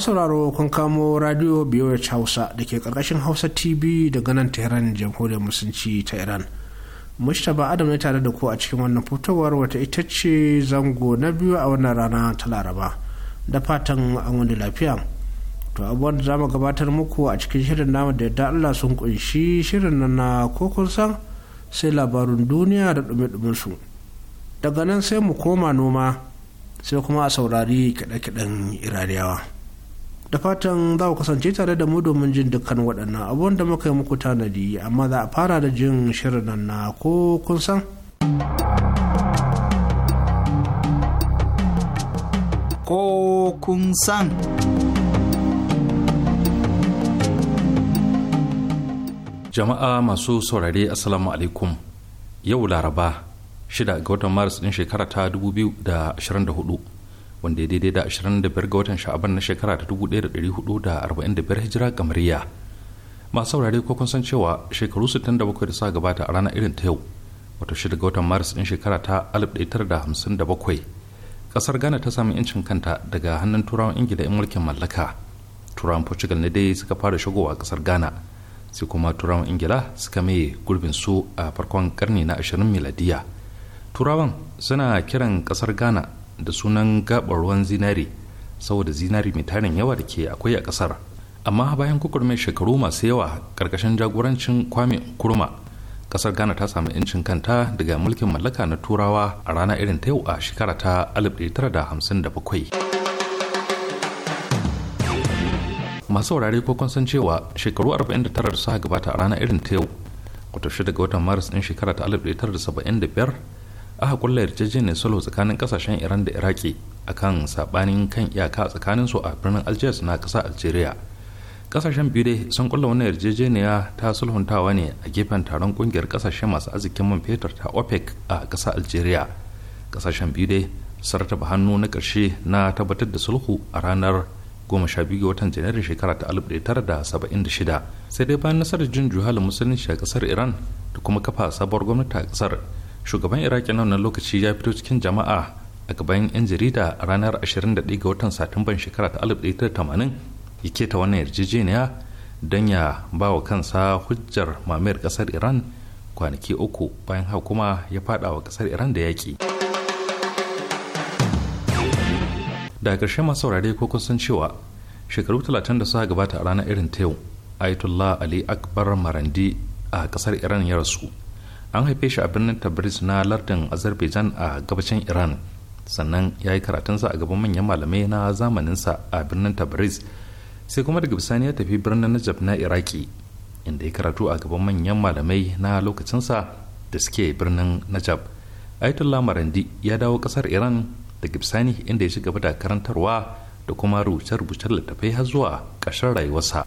masauraro sauraro kun kamo radio BOH Hausa da ke karkashin Hausa TV daga nan Tehran jamhuriyar musulunci ta Iran. Mustapha Adam ne tare da ku a cikin wannan fitowar wata ita ce zango na biyu a wannan rana ta Laraba. Da fatan an wani lafiya. To abubuwan da zamu gabatar muku a cikin shirin namu da yadda Allah sun kunshi shirin nan na kokon san sai labarun duniya da ɗume su. Daga nan sai mu koma noma sai kuma a saurari kiɗe-kiɗen Iraniyawa. da fatan za ku kasance tare da mu domin jin dukkan waɗannan abubuwan da muka yi muku tanadi amma za a fara da jin shirin nan na ko kun san ko kun san jama'a masu saurare assalamu alaikum yau laraba 6 ga watan maris din shekara ta 2024 wanda ya daidai da 25 ga watan sha'aban na shekara ta 1445 hijira kamariya masu saurare ko kun san cewa shekaru 67 da suka gabata a ranar irin ta yau wata shida ga watan maris din shekara ta 1957 kasar ghana ta samu yancin kanta daga hannun turawan ingila in mulkin mallaka turawan portugal na dai suka fara shigowa kasar ghana sai kuma turawan ingila suka maye gurbin su a farkon karni na 20 miladiya turawan suna kiran kasar ghana da sunan gabar ruwan zinari saboda zinari mai tarin yawa da ke akwai a kasar amma bayan kukurmai shekaru masu yawa ƙarƙashin jagorancin kwame kurma ƙasar ghana ta samu 'yancin kanta daga mulkin mallaka na turawa a rana irin ta yau a shekara ta 1957 masu wurare ko kun san cewa shekaru 49 da suka gabata a rana irin ta yau wato shida ga watan maris ɗin shekara ta 1975 aka kulla yarjejeniyar sulhu tsakanin kasashen iran da iraki a kan sabanin kan iyaka tsakanin su a birnin algiers na kasa algeria kasashen biyu dai sun kulla wani yarjejeniya ta sulhuntawa ne a gefen taron kungiyar kasashen masu arzikin man fetur ta opec a kasa algeria kasashen biyu dai hannu na karshe na tabbatar da sulhu a ranar 12 ga watan janairun shekara ta 1976 sai dai bayan nasarar jin juhalin musulunci a kasar iran da kuma kafa sabuwar gwamnati a kasar shugaban iraki na wannan lokaci ya fito cikin jama'a a gaban 'yan jarida a ranar 21 ga watan satumban shekara ta 1980 ya keta wannan yarjejeniya don ya ba wa kansa hujjar mamayar kasar iran kwanaki uku bayan haka kuma ya fada wa kasar iran da yaƙi da ƙarshe masu saurari ko kusan cewa shekaru 30 da suka gabata a ranar irin ta yau ayatollah ali akbar marandi a kasar iran ya rasu an haife shi a birnin tabriz na lardin azerbaijan a gabashin iran sannan ya yi karatunsa a gaban manyan malamai na zamaninsa a birnin tabriz sai kuma daga bisani ya tafi birnin najab na iraki inda ya karatu a gaban manyan malamai na lokacinsa da suke birnin najab ayatollah marandi ya dawo kasar iran daga bisani inda ya ci gaba da karantarwa da kuma rubuce-rubucen littattafai har zuwa ƙarshen rayuwarsa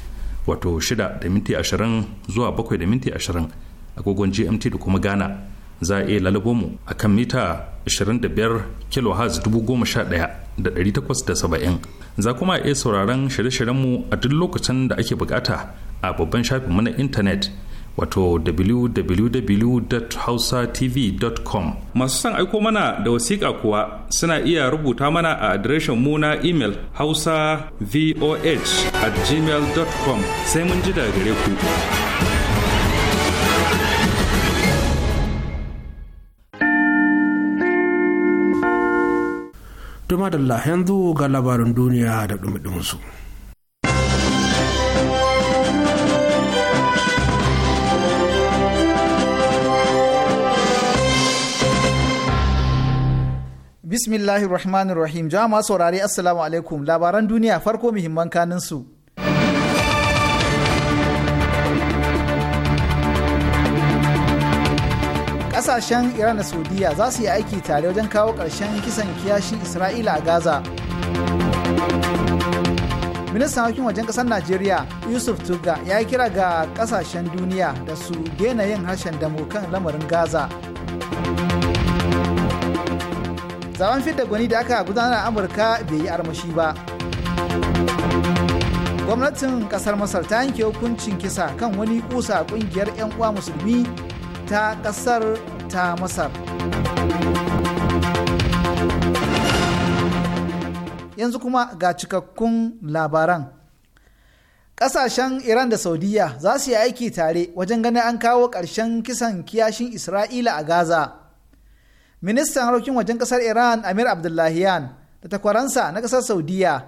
wato 6 da minti 20 zuwa 7 da minti 20 agogon gmt da kuma ghana za a iya lalabo mu a kan mita 25 kilohertz 11870 za kuma iya sauraron shirye-shiryen mu a duk lokacin da ake bukata a babban shafin mu na intanet wato www.hausatv.com masu son aiko mana da wasiƙa kuwa suna iya rubuta mana a adireshin mu na imel hausa voh at gmail.com sai mun ji daga gare ku. Tuma da yanzu ga labarin duniya da dumi su. Bismillahir Rahmanir Rahim. Jama'a saurari Assalamu alaikum. Labaran duniya farko muhimman kanin su. Ƙasashen Iran da Saudiya za su yi aiki tare wajen kawo ƙarshen kisan kiyashin Isra'ila a Gaza. Ministan harkokin wajen ƙasar Najeriya Yusuf Tuga ya kira ga ƙasashen duniya da su daina yin harshen damo kan lamarin Gaza. zaben fidda gwani da aka gudanar a amurka bai yi armashi ba gwamnatin kasar masar ta yanke hukuncin kisa kan wani kusa kungiyar 'yan uwa musulmi ta kasar ta masar yanzu kuma ga cikakkun labaran Ƙasashen iran da saudiya za su yi aiki tare wajen ganin an kawo ƙarshen kisan kiyashin isra'ila a gaza ministan harkokin wajen kasar iran amir abdullahiyan da takwaransa na kasar saudiya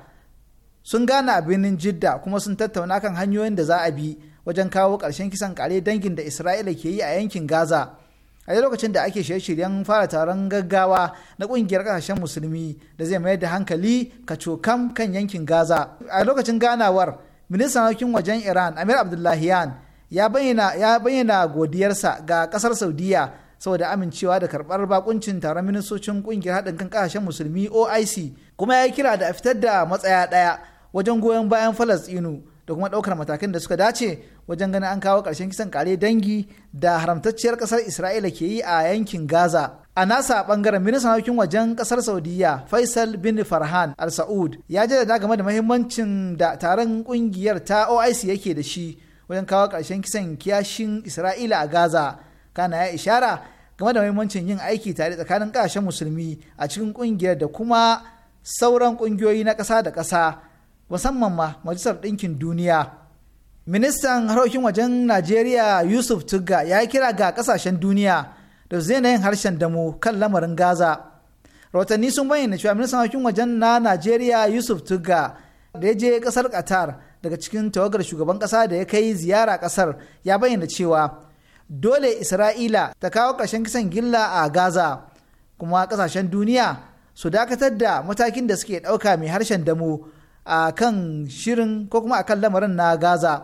sun gane a birnin jidda kuma sun tattauna kan hanyoyin da za a bi wajen kawo ƙarshen kisan kare dangin da isra'ila ke yi a yankin gaza a lokacin da ake shirye-shiryen fara taron gaggawa na ƙungiyar kasashen musulmi da zai mayar da hankali kacokam kan yankin gaza a lokacin ganawar ministan harkokin wajen iran amir abdullahiyan ya bayyana godiyarsa ga ƙasar saudiya saboda amincewa da karbar bakuncin taron ministocin kungiyar haɗin kan ƙasashen musulmi oic kuma ya yi kira da a fitar da matsaya ɗaya wajen goyon bayan falastinu da kuma ɗaukar matakan da suka dace wajen ganin an kawo karshen kisan kare dangi da haramtacciyar ƙasar isra'ila ke yi a yankin gaza a nasa bangaren ministan harkokin wajen ƙasar saudiya faisal bin farhan al saud ya jaddada game da mahimmancin da taron ƙungiyar ta oic yake da shi wajen kawo karshen kisan kiyashin isra'ila a gaza kana ya ishara game da muhimmancin yin aiki tare tsakanin kasashen musulmi a cikin kungiyar da kuma sauran ƙungiyoyi na kasa da kasa musamman ma majalisar ɗinkin duniya ministan harkokin wajen najeriya yusuf tugga ya kira ga ƙasashen duniya da su yin harshen damu kan lamarin gaza rahotanni sun bayyana cewa ministan harkokin wajen na najeriya yusuf tugga da ya je ƙasar qatar daga cikin tawagar shugaban ƙasa da ya kai ziyara ƙasar ya bayyana cewa dole isra'ila ta kawo ƙarshen kisan gilla a gaza kuma ƙasashen duniya su dakatar da matakin da suke ɗauka mai harshen damu a kan shirin ko kuma a kan lamarin na gaza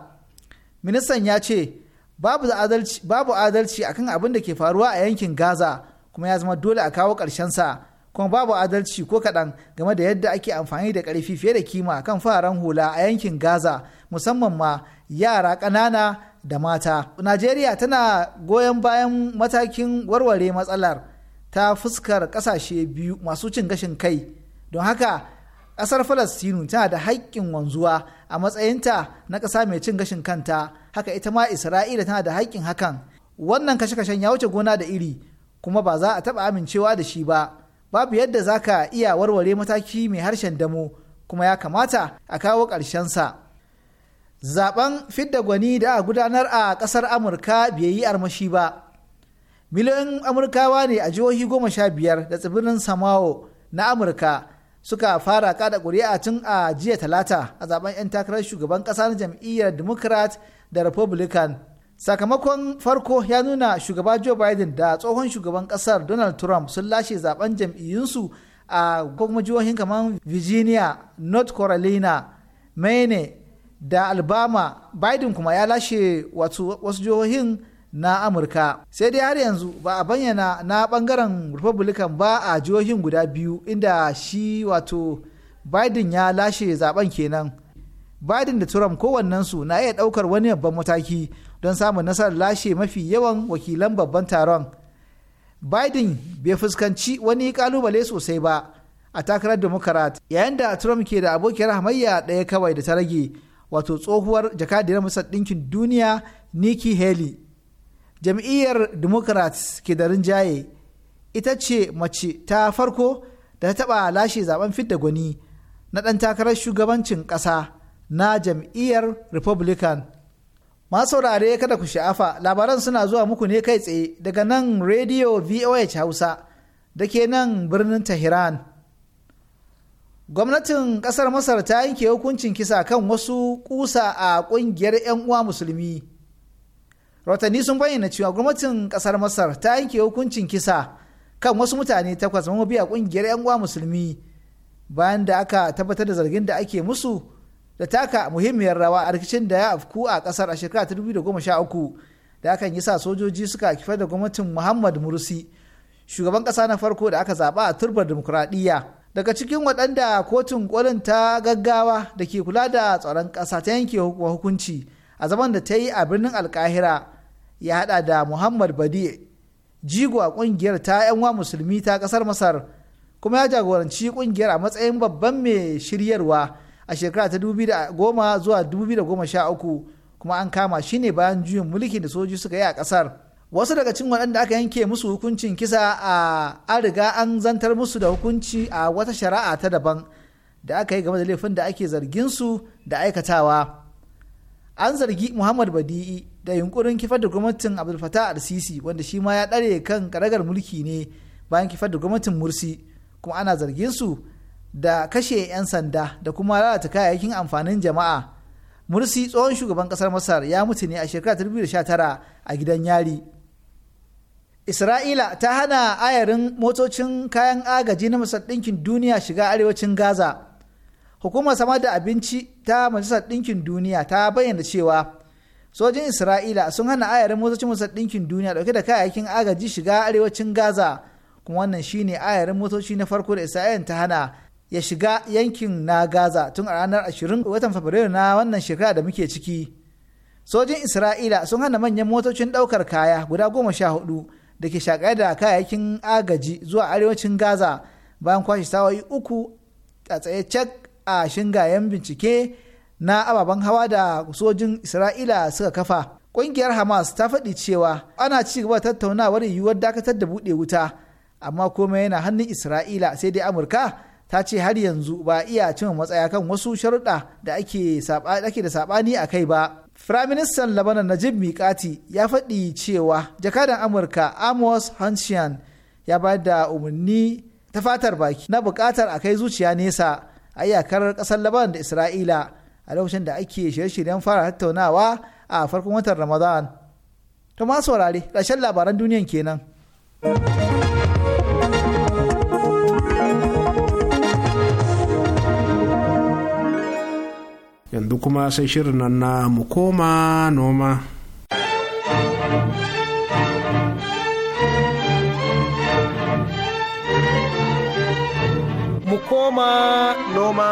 ministan ya ce babu adalci akan abin da ke faruwa a yankin gaza kuma ya zama dole a kawo sa kuma babu adalci ko kaɗan game da yadda ake amfani da ƙarfi fiye da kima kan fararen hula a yankin gaza musamman ma yara ƙanana da mata. Najeriya tana goyon bayan matakin warware matsalar ta fuskar ƙasashe biyu masu cin gashin kai. Don haka ƙasar Falastinu tana da haƙƙin wanzuwa a matsayinta na ƙasa mai cin gashin kanta. Haka ita ma Isra'ila tana da haƙƙin hakan. Wannan kashe-kashen ya wuce gona da iri kuma ba za a taɓa amincewa da shi ba. Babu yadda za ka iya warware mataki mai harshen damo kuma ya kamata a kawo ƙarshensa. zaben fidda gwani da a gudanar a kasar amurka bai yi armashi ba miliyoyin amurkawa ne a jihohi goma sha biyar da tsibirin samawo na amurka suka fara kada ƙuri'a tun a jiya talata a zaben 'yan takarar shugaban ƙasa na jam'iyyar democrat da republican sakamakon farko ya nuna shugaba joe biden da tsohon shugaban ƙasar donald trump sun lashe zaben jam'iyyunsu a kuma jihohin kamar virginia north carolina maine da albama biden kuma ya lashe wasu jihohin na amurka sai dai har yanzu ba a bayyana na bangaren republican ba a jihohin guda biyu inda shi wato biden ya lashe zaben kenan biden da trump kowannensu na iya daukar wani babban mataki don samun nasarar lashe mafi yawan wakilan babban taron biden bai fuskanci wani kalubale sosai ba a takarar democrat yayin da trump ke da abokiyar hamayya ɗaya kawai da ta rage wato tsohuwar jakadiyar masar ɗinkin duniya nikki haley jam'iyyar democrats ke da rinjaye ita ce mace ta farko da ta taɓa lashe zaben fidda gwani na ɗan takarar shugabancin ƙasa na jam'iyyar republican masu saurare kada ku sha'afa labaran suna zuwa muku ne kai tsaye daga nan radio voh hausa da ke nan birnin tehran gwamnatin kasar masar ta yanke hukuncin kisa kan wasu kusa a kungiyar 'yan uwa musulmi rotani sun bayyana cewa gwamnatin kasar masar ta yanke hukuncin kisa kan wasu mutane takwas mamobi a kungiyar 'yan uwa musulmi bayan da aka tabbatar da zargin da ake musu da taka muhimmiyar rawa a rikicin da ya afku a kasar a shekara 2013 da aka yi sa sojoji suka kifar da gwamnatin muhammad mursi shugaban kasa na farko da aka zaba a turbar dimokuraɗiyya daga cikin waɗanda kotun kolin ta gaggawa da ke kula da tsaron ƙasa ta yanke hukunci a zaman da ta yi a birnin alkahira ya hada da muhammad badi jigo a ƙungiyar ta 'yanwa musulmi ta ƙasar masar kuma ya jagoranci ƙungiyar a matsayin babban mai shiryarwa a shekara ta 2010 zuwa 2013 kuma an kama shi ne bayan juyin mulkin da soji suka yi a ƙasar. wasu daga cikin waɗanda aka yanke musu hukuncin kisa a an riga an zantar musu da hukunci a wata shari'a ta daban da aka yi game da laifin da ake zargin su da aikatawa an zargi muhammad badi'i da yunkurin kifar da gwamnatin abdul fatah al-sisi wanda shi ma ya ɗare kan karagar mulki ne bayan kifar da gwamnatin mursi kuma ana zargin su da kashe 'yan sanda da kuma lalata kayayyakin amfanin jama'a mursi tsohon shugaban kasar masar ya mutu ne a shekara 2019 a gidan yari isra'ila ta hana ayarin motocin kayan agaji na masar ɗinkin duniya shiga arewacin gaza hukumar samar da abinci ta majalisar ɗinkin duniya ta bayyana cewa sojin isra'ila sun hana ayarin motocin majalisar ɗinkin duniya ɗauke da kayayyakin agaji shiga arewacin gaza kuma wannan shine ayarin motoci na farko da isra'ila ta hana ya shiga yankin na gaza tun a ranar 20 watan fabrairu na wannan shekara da muke ciki sojin isra'ila sun hana manyan motocin ɗaukar kaya guda goma sha hudu da ke da kayayyakin agaji zuwa arewacin gaza bayan kwashe sawayi uku a tsaye cak a shingayen bincike na ababen hawa da sojin isra'ila suka kafa ƙungiyar hamas ta faɗi cewa ana ci gaba tattaunawar yiwuwar dakatar da buɗe wuta amma komai yana hannun isra'ila sai dai amurka ta ce har yanzu ba iya cin matsaya kan wasu sharuɗa da ake da saɓani a kai ba Firaministan Labanan Najib Mikati ya faɗi cewa jakadan Amurka Amos Hanshian ya ba da umarni ta fatar baki na buƙatar a kai zuciya nesa a iyakar ƙasar Labanan da Isra'ila a lokacin da ake shirye-shiryen fara tattaunawa a farkon watan Ramadan. To ma saurare, ƙarshen labaran duniyan kenan. yanzu kuma sai shirin nan na mu koma noma mu koma noma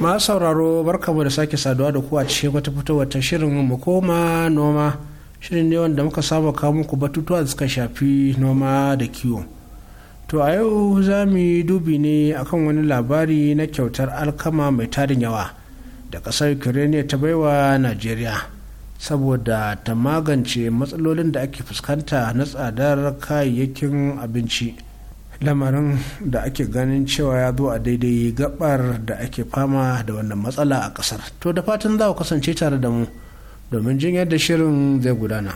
masu sauraro barkamu da sake saduwa da kuwa cikin wata fitowar ta shirin mu koma noma shirin ne wanda muka saba kawo muku batutuwa da suka shafi noma da kiwo to a yau za mu yi dubi ne akan wani labari na kyautar alkama mai tarin yawa da ƙasar ukraine ta baiwa nigeria saboda ta magance matsalolin da ake fuskanta na tsadar kayayyakin abinci lamarin da ake ganin cewa ya zo a daidai gabar da ake fama da wannan matsala a ƙasar to da fatan za ku kasance tare da mu. domin jin yadda shirin zai gudana.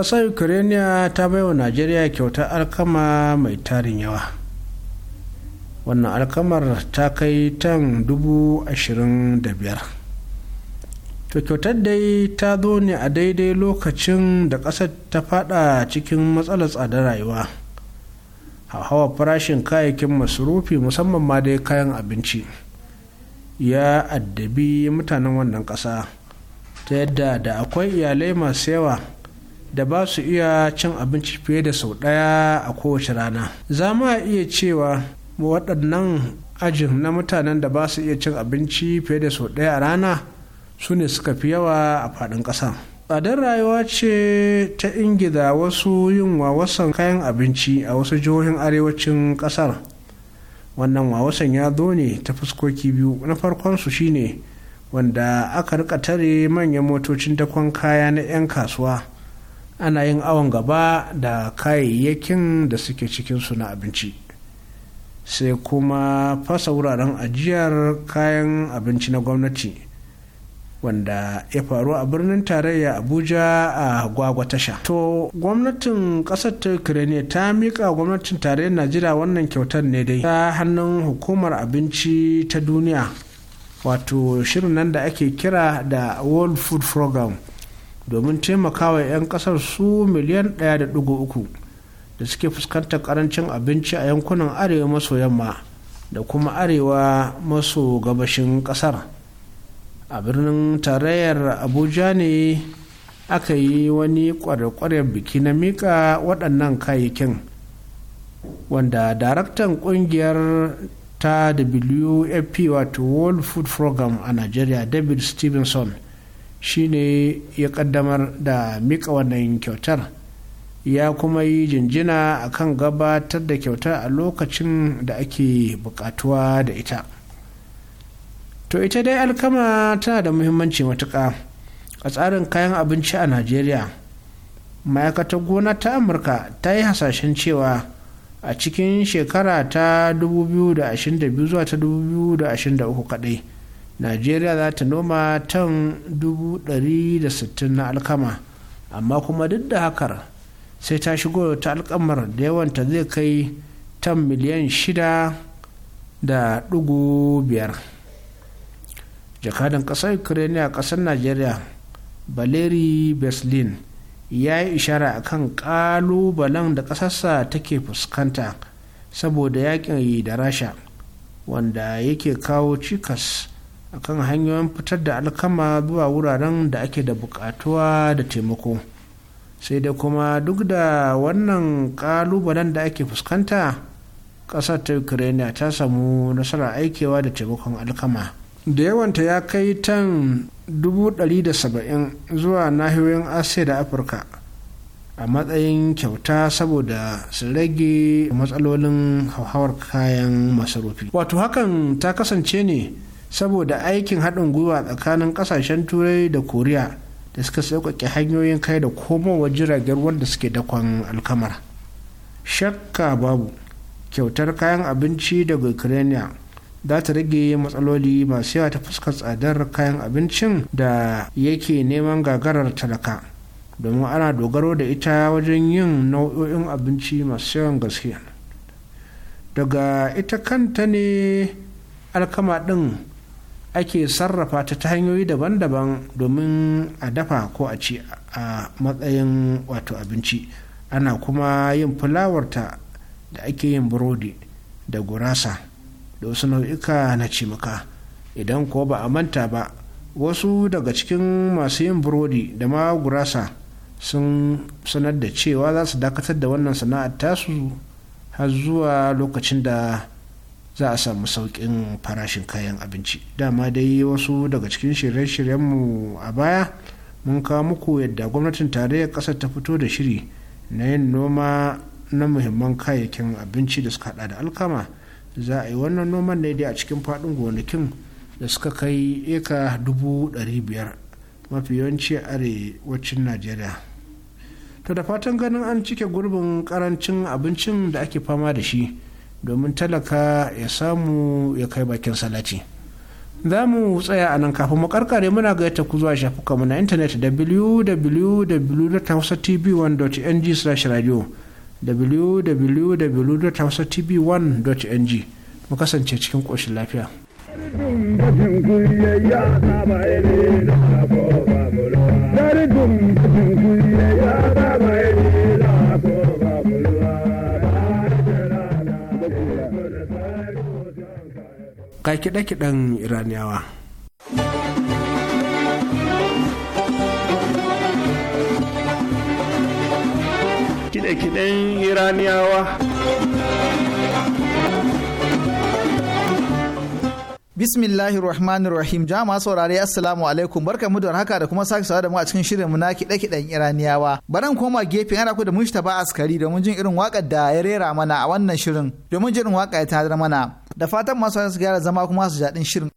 ƙasar ukraine ta baiwa najeriya kyautar alkama mai tarin yawa wannan alkamar ta kai tan dubu ashirin da biyar to kyautar dai ta zo ne a daidai lokacin da ƙasar ta fada cikin matsalar tsadar rayuwa hawa farashin kayayyakin masurufi, musamman ma dai kayan abinci ya addabi mutanen wannan ƙasa ta yadda da akwai iyalai masu yawa da ba su iya cin abinci fiye da sau ɗaya a kowace rana za mu iya cewa waɗannan ajin na mutanen da ba su iya cin abinci fiye da sau ɗaya a rana su ne suka fi yawa a faɗin ƙasa tsadar rayuwa ce ta ingida wasu yin wawasan kayan abinci a wasu jihohin arewacin ƙasar wannan wawasan ya zo ne ta fuskoki biyu na farkon su shine wanda aka rika tare manyan motocin dakon kaya na 'yan kasuwa ana yin awon gaba da kayayyakin da suke cikinsu na abinci sai kuma fasa wuraren ajiyar kayan abinci na gwamnati wanda ya faru a birnin tarayya abuja a gwagwa tasha to gwamnatin kasar ta ukraine ta miƙa gwamnatin tarayyar najeriya wannan kyautar ne dai ta hannun hukumar abinci ta duniya wato shirin nan da ake kira da world food program domin taimakawa 'yan kasar su miliyan 1.3 da suke fuskantar karancin abinci a yankunan arewa maso yamma da kuma arewa maso gabashin kasar a birnin tarayyar abuja ne aka yi wani kware biki na mika waɗannan kayayyakin wanda daraktan ƙungiyar ta wfp wato world food program a nigeria david stevenson shine ya kaddamar da mika wannan kyautar ya kuma yi jinjina a kan gabatar da kyauta a lokacin da ake bukatuwa da ita to ita dai alkama tana da muhimmanci matuƙa a tsarin kayan abinci a najeriya ma'aikatar gona ta amurka ta yi hasashen cewa a cikin shekara ta 2022 zuwa ta 2023 kadai najeriya za ta noma tan 160 na alkama amma kuma duk da hakar sai ta shigo ta alkamar da yawanta zai kai ta miliyan shida da ɗugu biyar jakadan kasar ukraine a kasar nigeria baleri berlin ya yi ishara a kan ƙalubalen da ƙasarsa take fuskanta saboda yakin yi da rasha wanda yake kawo cikas akan hanyoyin fitar da alkama zuwa wuraren da ake da buƙatuwa da taimako. sai da kuma duk da wannan kalubalen da ake fuskanta ƙasar ta ukraine ta samu nasara aikewa da taimakon alkama da yawanta ya kai tan 170 zuwa nahiyoyin asiya da afirka a matsayin kyauta saboda su rage matsalolin hauhawar kayan masarufi wato hakan ta kasance ne saboda aikin haɗin gwiwa tsakanin ƙasashen turai da koriya da suka sauƙaƙe hanyoyin kai da komowa jiragen wanda suke dakon alkamara shakka babu kyautar kayan abinci daga ukraine za ta rage matsaloli masu yawa ta fuskar tsadar kayan abincin da yake neman gagarar talaka domin ana dogaro da ita wajen yin nau'o'in abinci masu yawan gaske daga ita kanta ne alkama ɗin ake sarrafa ta ta hanyoyi daban-daban domin a dafa ko a ci a matsayin wato abinci ana kuma yin fulawarta da ake yin burodi da gurasa da wasu nau'ika na cimaka idan ko ba a manta ba wasu daga cikin masu yin burodi da ma gurasa sun sanar da cewa za su dakatar da wannan sana'ar tasu har zuwa lokacin da za a samu sauƙin farashin kayan abinci dama dai wasu daga cikin shirye-shiryenmu a baya mun kawo muku yadda gwamnatin tarayyar ƙasar ta fito da shiri na yin noma na muhimman kayayyakin abinci da suka hada da alkama za a yi wannan noman ne dai a cikin faɗin gonakin da suka kai eka dubu ɗari biyar mafi yawanci arewacin najeriya to da fatan ganin an cike gurbin karancin abincin da ake fama da shi domin talaka ya samu ya kai bakin salati za mu tsaya a nan kafin mu karkare muna ga ta ku zuwa mu na intanet www.hausatv1.ng slash radio www.hausatv1.ng mu kasance cikin ƙoshin lafiya. Dari dum ya ka kiɗe-kiɗen iraniyawa kiɗe-kiɗen iraniyawa bismillahir rahmanir rahim jama'a saurare assalamu alaikum barkamu da haka da kuma sake sawa da mu a cikin shirin na kiɗe kiɗen iraniyawa baran koma gefe ana ku da ba askari domin jin irin waƙar da ya rera mana a wannan shirin domin jin waƙa ya tadar mana da fatan masu su gyara zama kuma su daɗin shirin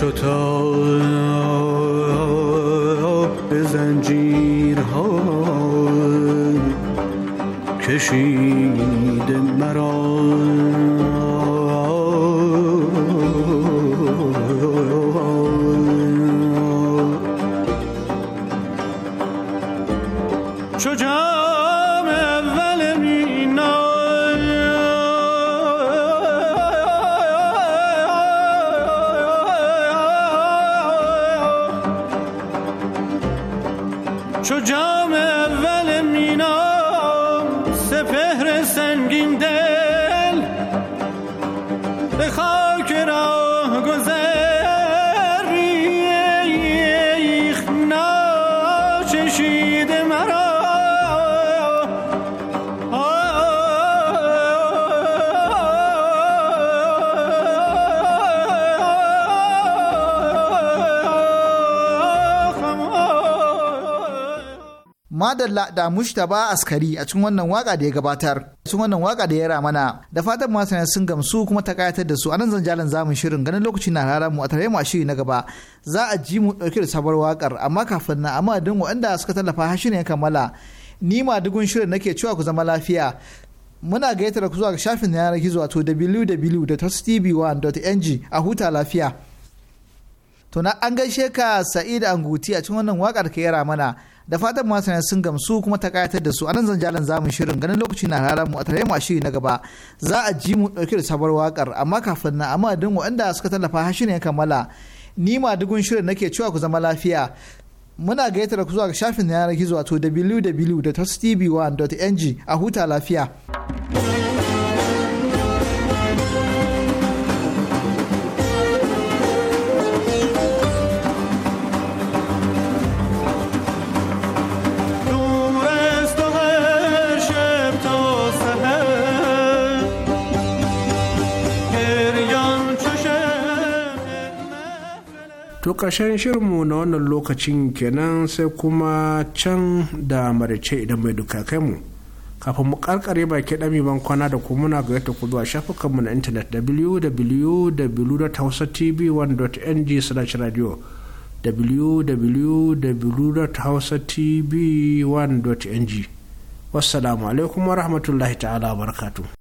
چو تا به زنجیرها کشیده مرا madalla da mushtaba askari a cikin wannan waka da ya gabatar cikin wannan waka da ya ramana da fatan masana sun gamsu kuma ta kayatar da su anan zan jalan zamun shirin ganin lokaci na rara mu a tare mu a shiri na gaba za a ji mu dauke da sabar wakar amma kafin na amma din waɗanda suka tallafa har shirin ya kammala ni ma dugun shirin nake cewa ku zama lafiya muna da ku zuwa ga shafin yanar gizo wato www.tv1.ng a huta lafiya to na an gaishe ka sa'id anguti a cikin wannan wakar ka yara mana da fatan masana sun gamsu kuma ta kayatar da su nan zan jalan zamun shirin ganin lokaci na rara mu a tare mu a shiri na gaba za a ji mu ɗauke da sabar wakar amma kafin na amma din waɗanda suka tallafa har shirin ya kammala ni ma dugun shirin nake cewa ku zama lafiya muna gaitar ku zuwa ga shafin yanar gizo wato www.tv1.ng a huta lafiya. To ƙarshen shirinmu na wannan lokacin kenan sai kuma can da marice idan mai duka kai mu. Kafin mu karkare baki ɗami ban kwana da kuma muna ga yadda ku zuwa shafukanmu na intanet www.hausatv1.ng slash radio www.hausatv1.ng Wassalamu alaikum wa rahmatullahi ta'ala barakatu.